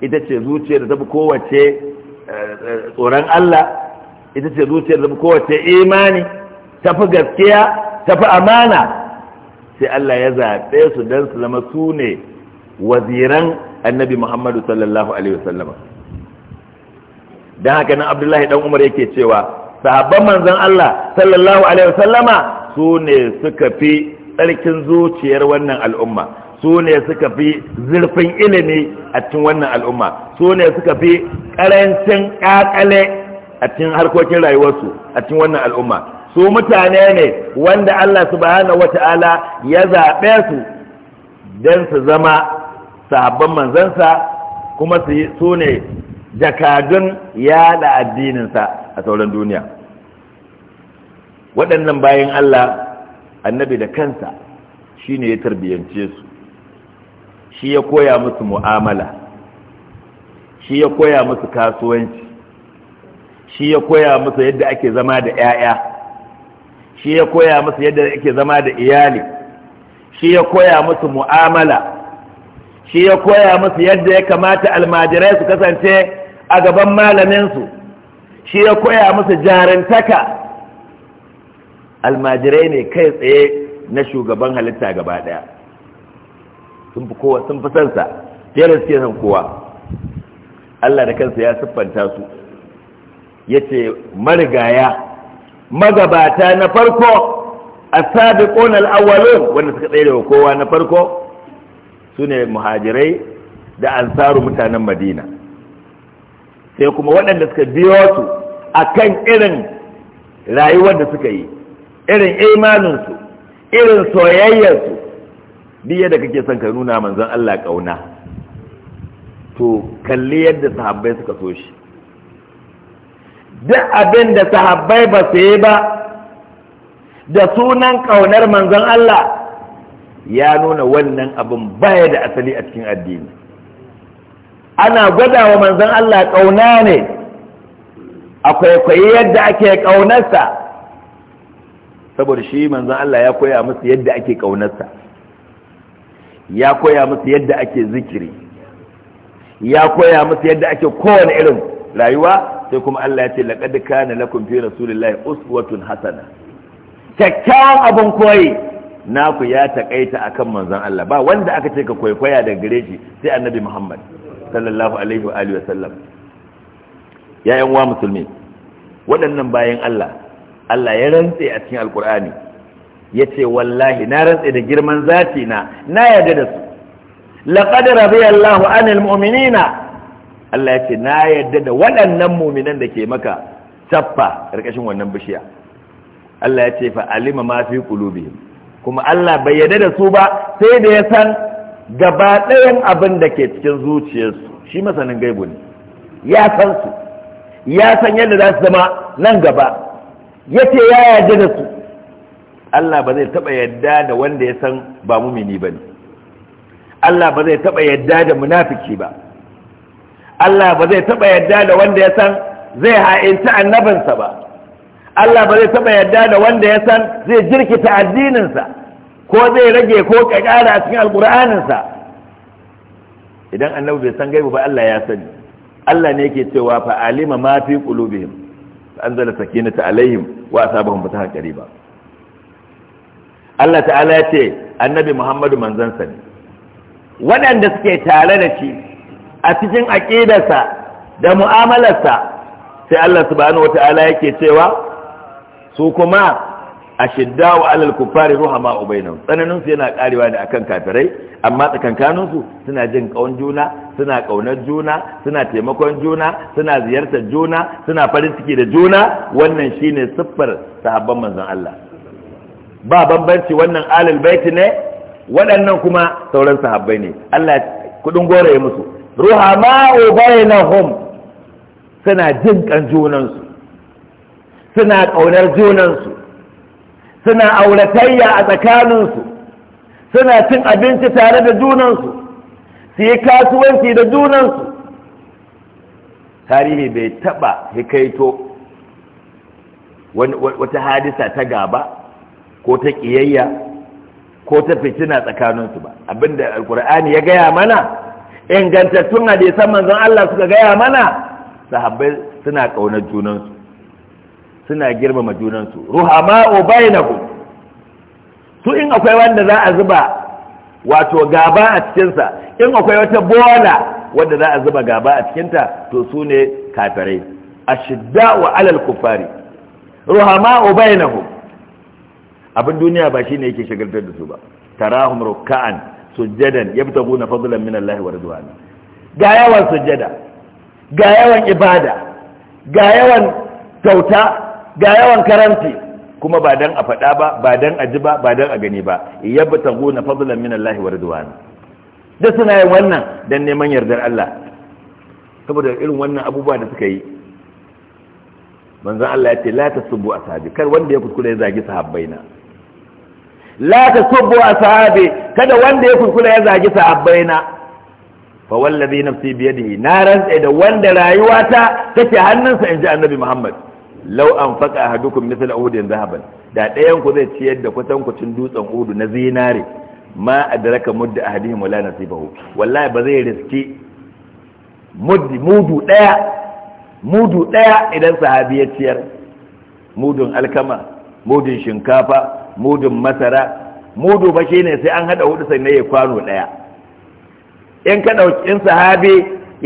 ita ce zuciyar da ta fi kowace eh, eh, tsoron Allah ita ce zuciyar da ta fi kowace imani ta fi gaskiya ta fi amana sai Allah ya zaɓe su don su zama su ne waziran annabi Muhammadu sallallahu Alaihi wasallama don haka nan abdullahi dan umar yake cewa sahabban manzan Allah sallallahu Alaihi wasallama su ne suka fi tsarkin zuciyar wannan al'umma su ne suka fi zurfin ilimi a cikin wannan al'umma su ne suka fi ƙarancin ƙaƙale a cikin harkokin rayuwarsu a cikin wannan al'umma su mutane ne wanda Allah subhanahu wata'ala ya zaɓe su don su zama sahabban manzansa kuma su ne jakadun yada addininsa a sauran duniya waɗannan bayan Allah annabi da kansa shi ne ya tarbiyyance su shi ya koya musu mu'amala shi ya koya musu kasuwanci shi ya koya musu yadda ake zama da 'ya'ya shi ya koya musu yadda ake zama da iyali shi ya koya musu mu'amala shi ya koya musu yadda ya kamata almajirai su kasance a gaban malaminsu shi ya koya musu jarantaka almajirai ne kai tsaye na shugaban halitta gaba ɗaya sun fi kowa sun fi sansa fiye da suke san kowa Allah da kansa ya siffanta su ya ce marigaya magabata na farko a ƙonar al'awwalon wanda suka tsaye da kowa na farko su ne muhajirai da ansaru mutanen madina sai kuma waɗanda suka biyo su a kan irin rayuwar da suka yi irin imaninsu irin soyayyarsu duk da kake son ka nuna manzon Allah kauna to kalli yadda sahabbai suka so shi duk abin da sahabbai ba su yi ba da sunan kaunar manzon Allah ya nuna wannan abin baya da asali a cikin addini ana gwada wa manzon Allah kauna ne akwai kwayi yadda ake kaunarsa saboda shi manzon Allah ya koya musu yadda ake kaunarsa ya koya musu yadda ake zikiri ya koya musu yadda ake kowane irin rayuwa sai kuma Allah ya ce laqad kana lakum fi rasulillahi uswatun hasana kakkawan abin koyi naku ya takaita akan manzon Allah ba wanda aka ce ka kwaikwaya da gare shi sai annabi Muhammad sallallahu alaihi wa alihi wa sallam ya yan wa musulmi waɗannan bayan Allah Allah ya rantse a cikin alkur'ani ya ce wallahi na rantse da girman zati na na yarda da su laqad radiyallahu anil mu'minina Allah ya ce na yarda da waɗannan mu'minan da ke maka tappa karkashin wannan bishiya Allah ya ce fa alima ma fi qulubihim kuma Allah bai yarda da su ba sai da ya san gaba ɗayan abin da ke cikin zuciyarsu shi masanin gaibu ne ya san su ya san yadda za su zama nan gaba yace ya yarda da su Allah ba zai taɓa yadda da wanda ya san ba mumini ne Allah ba zai taɓa yadda da munafiki ba Allah ba zai taɓa yadda da wanda ya san zai ha'inci annabinsa ba Allah ba zai taɓa yadda da wanda ya san zai jirkita addininsa ko zai rage ko ƙaƙara a cikin Alƙur'aninsa. idan annabi bai san gaibu ba Allah ya sani Allah ne yake cewa fa alima ma fi qulubihim anzala sakinata alaihim wa asabahum fatahan ba. Allah ta'ala ya ce annabi Muhammadu manzansa ne waɗanda suke tare da shi a cikin aƙidarsa da mu'amalarsa sai Allah subhanahu wata'ala yake cewa su kuma a ashiddaw alal kuffari ruhama ubainu tsananin su yana karewa ne akan kafirai amma tsakankanin su suna jin kaun juna suna kaunar juna suna taimakon juna suna ziyartar juna suna farin ciki da juna wannan shine siffar sahabban manzon Allah ba bambanci wannan alal baiti ne waɗannan kuma sauran sahabbai ne Allah kudin ya musu Ruhama ubainahum suna jin kan junansu suna kaunar su suna auratayya a tsakanin su suna cin abinci tare da junansu su yi kasuwanci da junansu tarihi bai taba hikaito wata hadisa ta gaba ko ta ƙiyayya ko ta fitina tsakaninsu ba abinda alkur'ani ya gaya mana ingantattun hadisan manzon Allah suka gaya mana sahabbai suna ƙaunar junansu suna girmama junansu ruhama ruhama'u ku, su in akwai wanda za a zuba wato gaba a cikinsa in akwai wata bola wanda za a zuba gaba a cikinta to su ne kafirai wa alal kufari ruhama ruhama'u ku. abin duniya ba shine yake shagaltar da su ba tarahum ruk'an sujjadan yabtaguna fadlan min Allah wa ridwani ga yawan sujjada ga yawan ibada ga yawan tauta ga yawan karanti kuma ba dan a faɗa ba ba dan a ji ba ba dan a gani ba yabtaguna fadlan min Allah wa ridwani da suna yin wannan dan neman yardar Allah saboda irin wannan abubuwa da suka yi manzon Allah ya ce la tasubbu asabi kar wanda ya kuskure ya zagi sahabbaina la ta a sahabe kada wanda ya kuskura ya zagi na fa wallazi nafsi bi yadihi na rantsa da wanda rayuwata take hannunsa inji annabi Muhammad law faqa ahadukum mithla uhudin zahaban da dayan ku zai ciyar da kusan kucin dutsen udu na zinare ma adraka mudda ahadihim wala nasibahu wallahi ba zai riski muddi mudu daya mudu daya idan sahabi ya ciyar mudun alkama mudun shinkafa mudun masara mudu ba shine sai an hada hudu sannan ya kwano daya in ka dauki in sahabi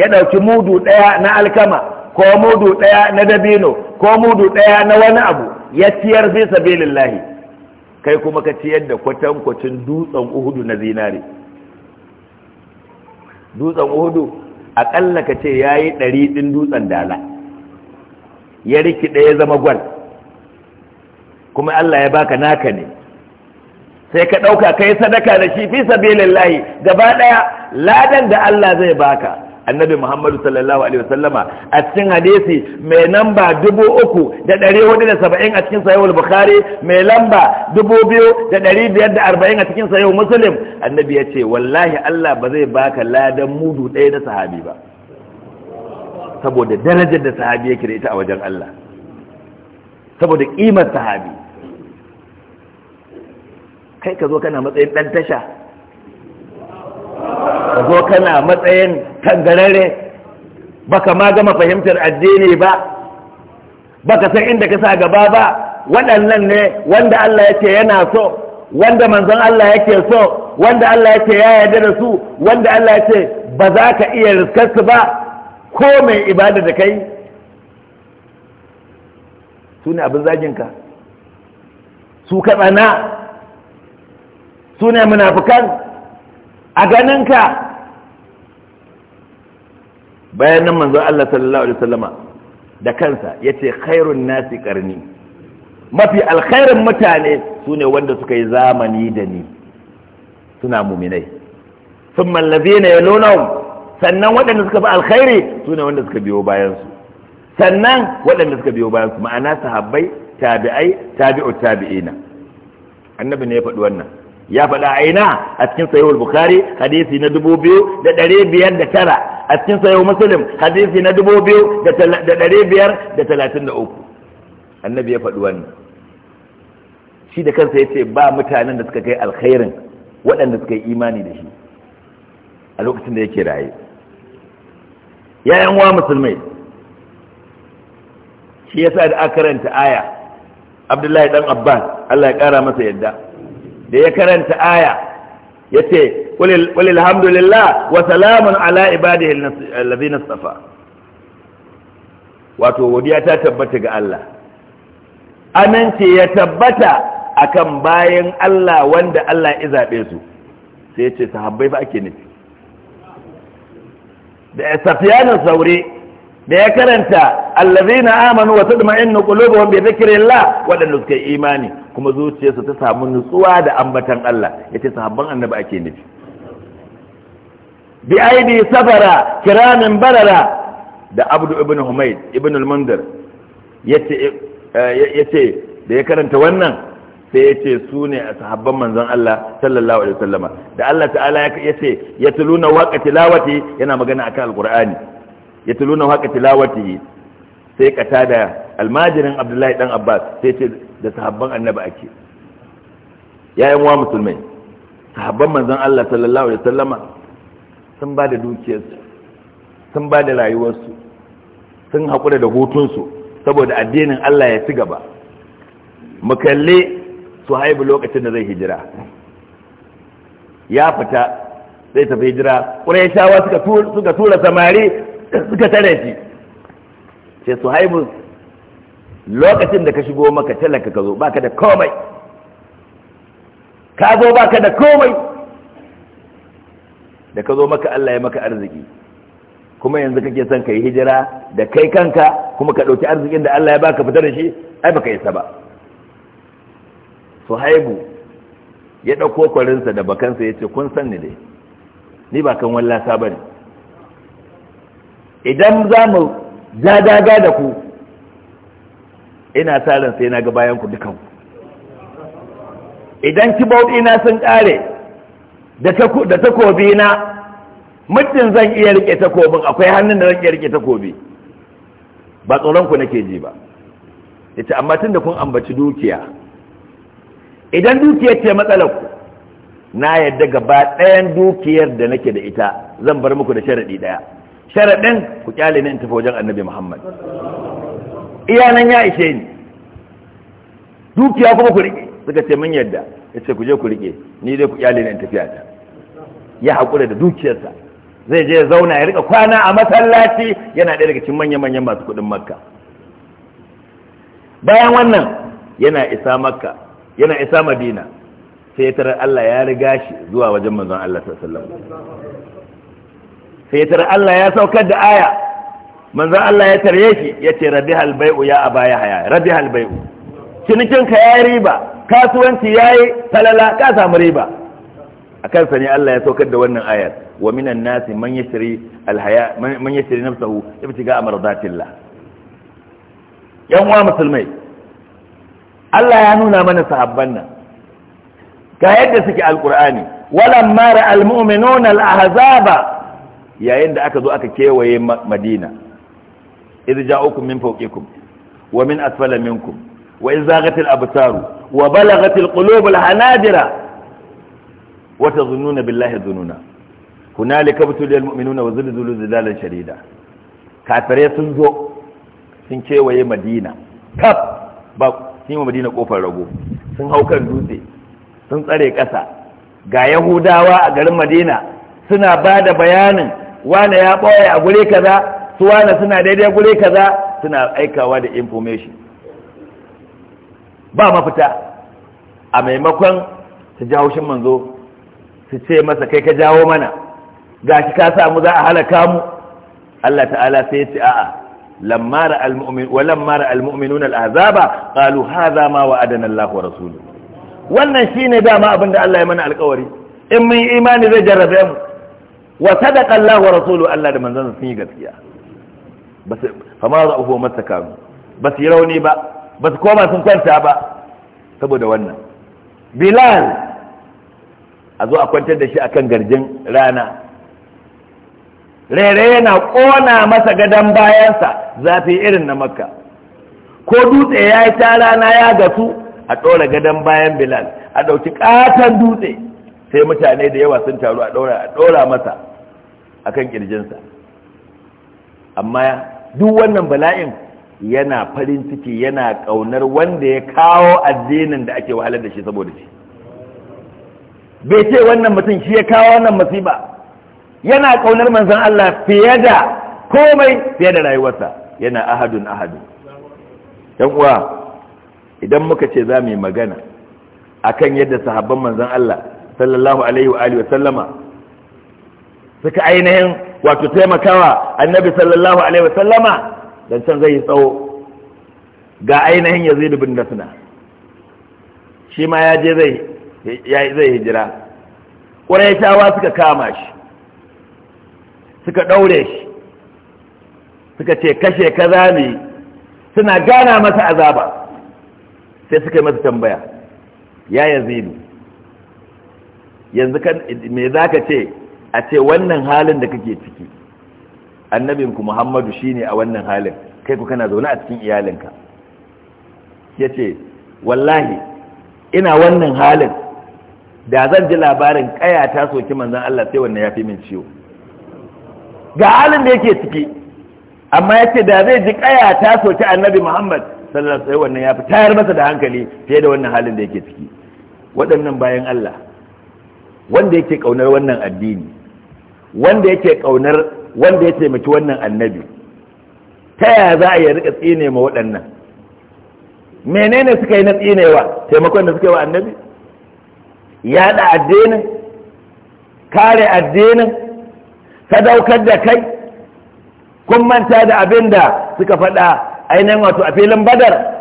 ya dauki mudu daya na alkama ko mudu daya na dabino ko mudu daya na wani abu ya ciyar fi sabilillahi kai kuma ka ciyar da kwatankwacin dutsen uhudu na zinare dutsen uhudu aƙalla ka ce ya yi ɗari ɗin dutsen dala ya riki ya zama gwal kuma Allah ya baka naka ne sai ka ɗauka ka yi sadaka da shi fi sabilillahi gaba ɗaya ladan da Allah zai baka annabi muhammadu sallallahu alaihi wasallama a cikin hadisi mai lamba dubu uku da ɗari hudu da saba'in a cikin sahihul bukhari mai lamba dubu biyu da ɗari biyar da arba'in a cikin sahihul muslim annabi ya ce wallahi Allah ba zai baka ladan mudu ɗaya na sahabi ba saboda darajar da sahabi yake da ita a wajen Allah saboda ƙimar sahabi kai ka zo kana matsayin ɗan tasha ka zo kana matsayin tangarare baka ma gama fahimtar addini ba ka san inda ka sa gaba ba waɗannan ne wanda Allah yake yana so wanda manzon Allah yake so wanda Allah yake ya yarda da su wanda Allah yake ba za ka iya riskar su ba ko mai ibada da kai su ne abin zaginka su ka tsana su ne munafukan a ganinka bayan nan manzo Allah sallallahu alaihi wasallama da kansa yace khairun nasi karni mafi alkhairin mutane su ne wanda suka yi zamani da ni suna muminai thumma allazina yalunhum sannan waɗanda suka bi alkhairi su ne wanda suka biyo bayan su sannan waɗanda suka biyo bayan su ma'ana sahabbai tabi'ai tabi'u tabi'ina annabi ne ya faɗi wannan ya faɗa a ina a cikin sayowar bukari hadisi na dubu biyu da ɗari biyar da tara a cikin sayowar musulun hadisi na dubu biyu da ɗari biyar da talatin da uku annabi ya faɗi wannan shi da kansa ya ce ba mutanen da suka kai alkhairin waɗanda suka yi imani da shi a lokacin da yake raye yayan wa musulmai shi ya sa da aka karanta aya abdullahi dan abbas allah ya ƙara masa yadda da ya karanta aya ya ce ƙulil hamdulillah wa salamun ala ibadi allazina safa wato godiya ta tabbata ga Allah amince ya tabbata akan bayan Allah wanda Allah ya zabe su sai ya ce sahabbai ba ake nufi da safiyanin sauri. da ya karanta na amanu wa tadma'innu qulubuhum bi dhikrillah wadanda suka imani kuma zuciyarsu ta samu nutsuwa da ambatan Allah yace sahabban annabi ake nufi bi aidi sabara kiramin barara da abdu ibn humayd ibn al-mundar eh, yace da ya karanta wannan sai yace su ne a sahabban manzon Allah sallallahu alaihi wasallama da Allah ta'ala yace yatluna waqa tilawati yana magana akan alqur'ani ya tulu na haka tilawati sai kata da almajirin abdullahi dan abbas sai ce da sahabban annabi ake yayin wa musulmai sahabban manzon Allah sallallahu alaihi wasallama sun ba da dukiyarsu sun ba da rayuwarsu sun haƙura da hutunsu saboda addinin Allah ya ci gaba mu kalli su haibu lokacin da zai hijira ya fita zai tafi hijira ƙurayshawa suka tura samari suka tare shi sai su haibu lokacin da ka shigo maka talaka ka zo baka da komai ka zo baka da komai da ka zo maka Allah ya maka arziki kuma yanzu kake son ka yi hijira da kai kanka kuma ka ɗauki arzikin da Allah ya baka fitar da shi ai baka isa ba suhaibu ya ɗauko kwarinsa da bakansa ya ce kun san ni dai ni ba kan wallasa ba ne idan za mu zadaga da ku ina sa ran sai na ga bayan ku dukan idan kibauɗi na sun ƙare da takobi na muddin zan iya rike takobin akwai hannun da zan iya rike takobi ba tsoron ku nake ji ba yace amma tunda kun ambaci dukiya idan dukiyar ce matsalar na yadda gaba ɗayan dukiyar da nake da ita zan bar muku da sharaɗi ɗaya sharaɗin ku kyale ni in tafi wajen annabi muhammad iyanan ya ishe ni dukiya kuma ku riƙe suka ce mun yadda ya ce ku je ku riƙe ni dai ku kyale ni in tafi ta ya haƙura da dukiyarsa zai je ya zauna ya riƙa kwana a masallaci yana ɗaya daga cikin manya-manyan masu kuɗin makka bayan wannan yana isa makka yana isa madina sai ya tarar Allah ya riga shi zuwa wajen manzon Allah sallallahu alaihi wasallam sai tara Allah ya saukar da aya manzo Allah ya tare shi ya ce rabihal bai'u ya abaya haya rabihal bai'u cinikin ka yayi riba kasuwanci yayi talala ka samu riba akan sa ne Allah ya saukar da wannan ayar wa minan nasi man yashri alhaya man yashri nafsahu ibtiga mardatillah yan uwa musulmai Allah ya nuna mana sahabban nan ga yadda suke alqur'ani walamma ra'al mu'minuna al-ahzaba yayin da aka zo aka kewaye madina idh ja'ukum min fawqikum wa min asfala minkum wa idh zaghatil absaru wa balaghatil qulubu al wa tazunnuna billahi dhununa hunalika butulil mu'minuna wa zulzilu zilalan sharida kafirai sun zo sun kewaye madina kaf ba sun yi madina kofar rago sun hau kan dutse sun tsare kasa, ga yahudawa a garin madina suna ba da bayanin wane ya ɓoye a gure kaza su wane suna daidai gure kaza suna aikawa da information ba mafita a maimakon su jawo shi manzo su ce masa kai ka jawo mana gashi ka samu za a halaka mu Allah ta'ala sai ya ce a'a lamma ra almu'min wa lamma ra almu'minuna al'azaba qalu hadha ma wa'adana Allah wa rasuluhu wannan shine dama abinda Allah ya mana alƙawari in mun yi imani zai jarrabe mu wa sadaqa Allah wa rasuluhu Allah da manzon sun yi gaskiya bas fa ma bas yi rauni ba bas koma sun kwanta ba saboda wannan Bilal a zo a kwantar da shi akan garjin rana rere yana kona masa gadon bayansa zafi irin na makka ko dutse ya yi ta rana ya gasu a ɗora gadon bayan bilal a ɗauki ƙaton dutse sai mutane da yawa sun taru a ɗora masa akan ƙirjinsa amma duk wannan bala'in yana farin ciki yana kaunar wanda ya kawo addinin da ake wahalar da shi saboda shi bai ce wannan mutum shi ya kawo wannan masiba yana kaunar manzon Allah fiye da komai fiye da rayuwarsa yana ahadun ahadun yan uwa idan muka ce za mu yi magana akan yadda sahabban manzon Allah sallallahu alaihi wa wa sallama suka ainihin wato taimakawa annabi sallallahu alaihi wasallama dan can zai tsawo ga ainihin yazid bin nasna shi ma ya je zai ya zai hijira ƙuraitawa suka kama shi suka daure shi suka ce kashe kaza ne suna gana masa azaba sai suka yi masa tambaya ya yazidu yanzu kan me ka ce a ce wannan halin da kake ciki annabinku muhammadu shine a wannan halin kai ku kana zaune a cikin iyalinka ya ce wallahi ina wannan halin da zan ji labarin kaya ta soki manzan Allah sai wannan ya fi min ciwo ga halin da yake ciki amma ya ce da zai ji kaya ta soki annabi muhammad sallallahu alaihi wannan ya fi tayar masa da hankali fiye da wannan halin da yake ciki waɗannan bayan Allah wanda yake ƙaunar wannan addini wanda yake kaunar wanda ya taimaki wannan annabi ta yaya za a yi rika tsine ma waɗannan menene suka yi na tsinewa taimakon da suka yi wa annabi yaɗa addinin kare addinin sadaukar da kai kun manta da abin da suka faɗa ainihin wato a filin badar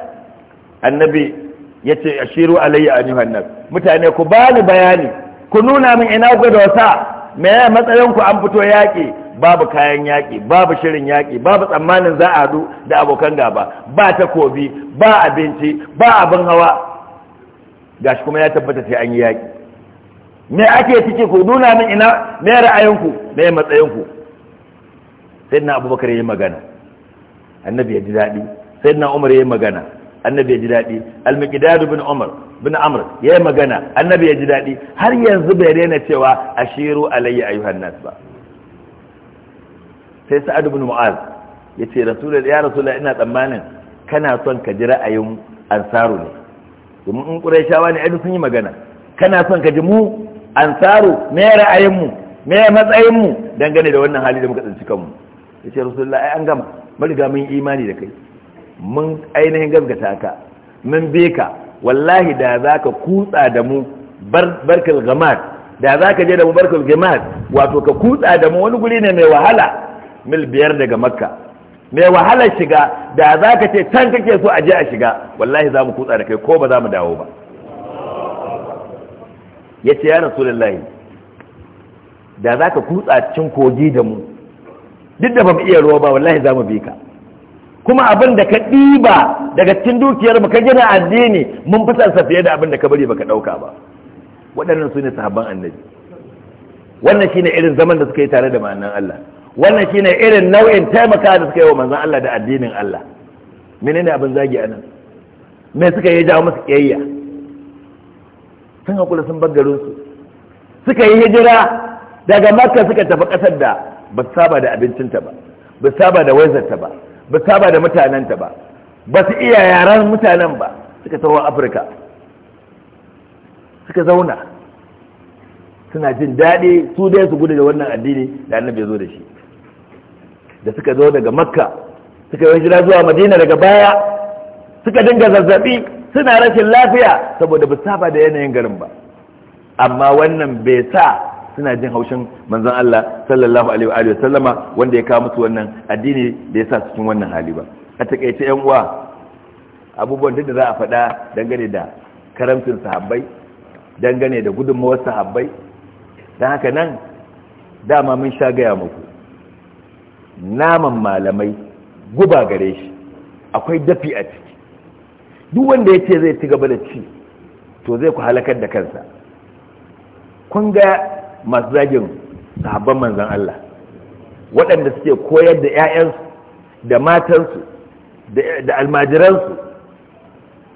annabi ya ce a shiru alayya a mutane ku bani bayani ku nuna min ina ku da wasa me matsayin ku an fito yaƙi babu kayan yaƙi babu shirin yaƙi babu tsammanin za a da abokan gaba ba takobi ba abinci ba abin hawa gashi kuma ya tabbata sai an yi yaƙi me ake ciki ku nuna min ina me ra'ayinku me matsayinku sai na abubakar ya yi magana annabi ya ji daɗi sai na umar ya yi magana annabi ya ji daɗi almiqdad bin umar bin amr ya yi magana annabi ya ji daɗi har yanzu bai daina cewa ashiru alayya ayyuhan nas ba sai Sa'adu bin mu'az ya ce rasulullahi ya rasulullahi ina tsammanin kana son ka ji ra'ayin ansaru ne domin in shawa ne ai sun yi magana kana son ka ji mu ansaru me ra'ayin mu me matsayin mu dangane da wannan hali da muka tsinci kanmu yace rasulullahi ai an gama mun imani da kai mun ainihin gasgata ka mun be ka wallahi da za ka kutsa da mu barkal gamat da za ka je da mu barkal gamat wato ka kutsa da mu wani guri ne mai wahala mil biyar daga makka mai wahala shiga da za ka ce can kake so a je a shiga wallahi za mu kutsa da kai ko ba za mu dawo ba ya ce ya rasulullahi da za ka kutsa cin kogi da mu duk da ba mu iya ruwa ba wallahi za mu bi ka kuma abin da ka ɗiba daga cikin dukiyar ka gina addini mun fi sansa fiye da abin da ka bari baka ɗauka ba waɗannan su ne sahabban annabi wannan shine irin zaman da suka yi tare da ma'anan Allah wannan shine irin nau'in taimaka da suka yi wa manzan Allah da addinin Allah menene abin zagi anan me suka yi jawo musu kiyayya sun kula sun bar garin su suka yi hijira daga makka suka tafi ƙasar da ba saba da abincinta ba ba saba da waizarta ba ba saba da mutanenta ba ba su iya yaran mutanen ba suka tawo afirka suka zauna suna jin daɗi su dai su gudu da wannan addini da annabi ya zo da shi da suka zo daga makka suka yi hijira zuwa madina daga baya suka dinga zazzabi suna rashin lafiya saboda ba saba da yanayin garin ba amma wannan bai sa suna jin haushin manzon Allah sallallahu alaihi wa sallama wanda ya kawo musu wannan addini da ya sa cikin wannan hali ba a takaice yan uwa abubuwan da za a faɗa dangane da karamcin sahabbai dangane da gudunmawar sahabbai dan haka nan dama mun sha gaya muku naman malamai guba gare shi akwai dafi a ciki duk wanda ya ce zai ci gaba da ci to zai ku halakar da kansa kun ga masu zagin sahabban manzan Allah waɗanda suke koyar da 'ya'yansu da matansu da almajiransu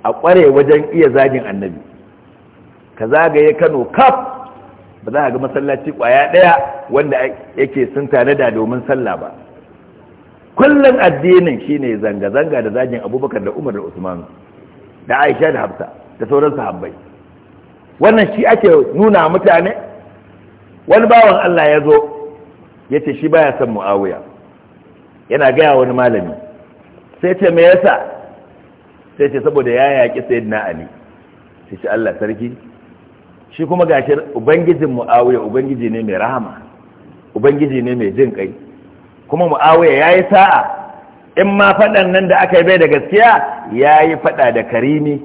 a ƙware wajen iya zagin annabi ka zagaye kano kaf ba za a ga masallaci ƙwaya ɗaya wanda yake sun tare da domin sallah ba kullum addinin shine zanga-zanga da zagin abubakar da umar da usman da aisha da hafsa da sauran sahabbai wannan shi ake nuna mutane wani bawan Allah ya zo ya ce shi baya son mu'awiya yana gaya wani malami sai ce me yasa sai ce saboda ya yaƙi sayyidina ali sai ce Allah sarki shi kuma gashi ubangijin mu'awiya ubangiji ne mai rahama ubangiji ne mai jin kai kuma mu'awiya yayi sa'a in ma faɗan nan da aka yi bai da gaskiya yayi fada da karimi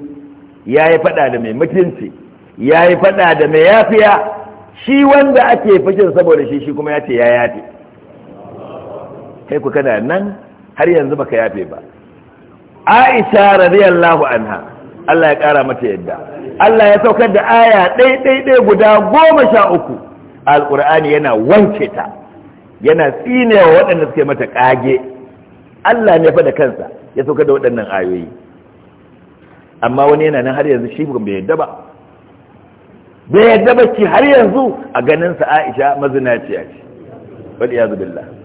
yayi fada da mai mutunci yayi faɗa da mai yafiya shi wanda ake fashin saboda shi shi kuma ya ce ya yafe kai ku kana nan har yanzu baka yafe ba aisha radiyallahu anha Allah ya kara mata yadda Allah ya saukar da aya ɗai ɗai ɗai guda goma sha uku alƙur'ani yana wanke ta yana tsinewa waɗanda suke mata ƙage Allah ne fa da kansa ya saukar da waɗannan ayoyi amma wani yana nan har yanzu shi bai yadda ba bai yadda bacci har yanzu a ganin sa Aisha mazinaciya ce ya iyad Allah.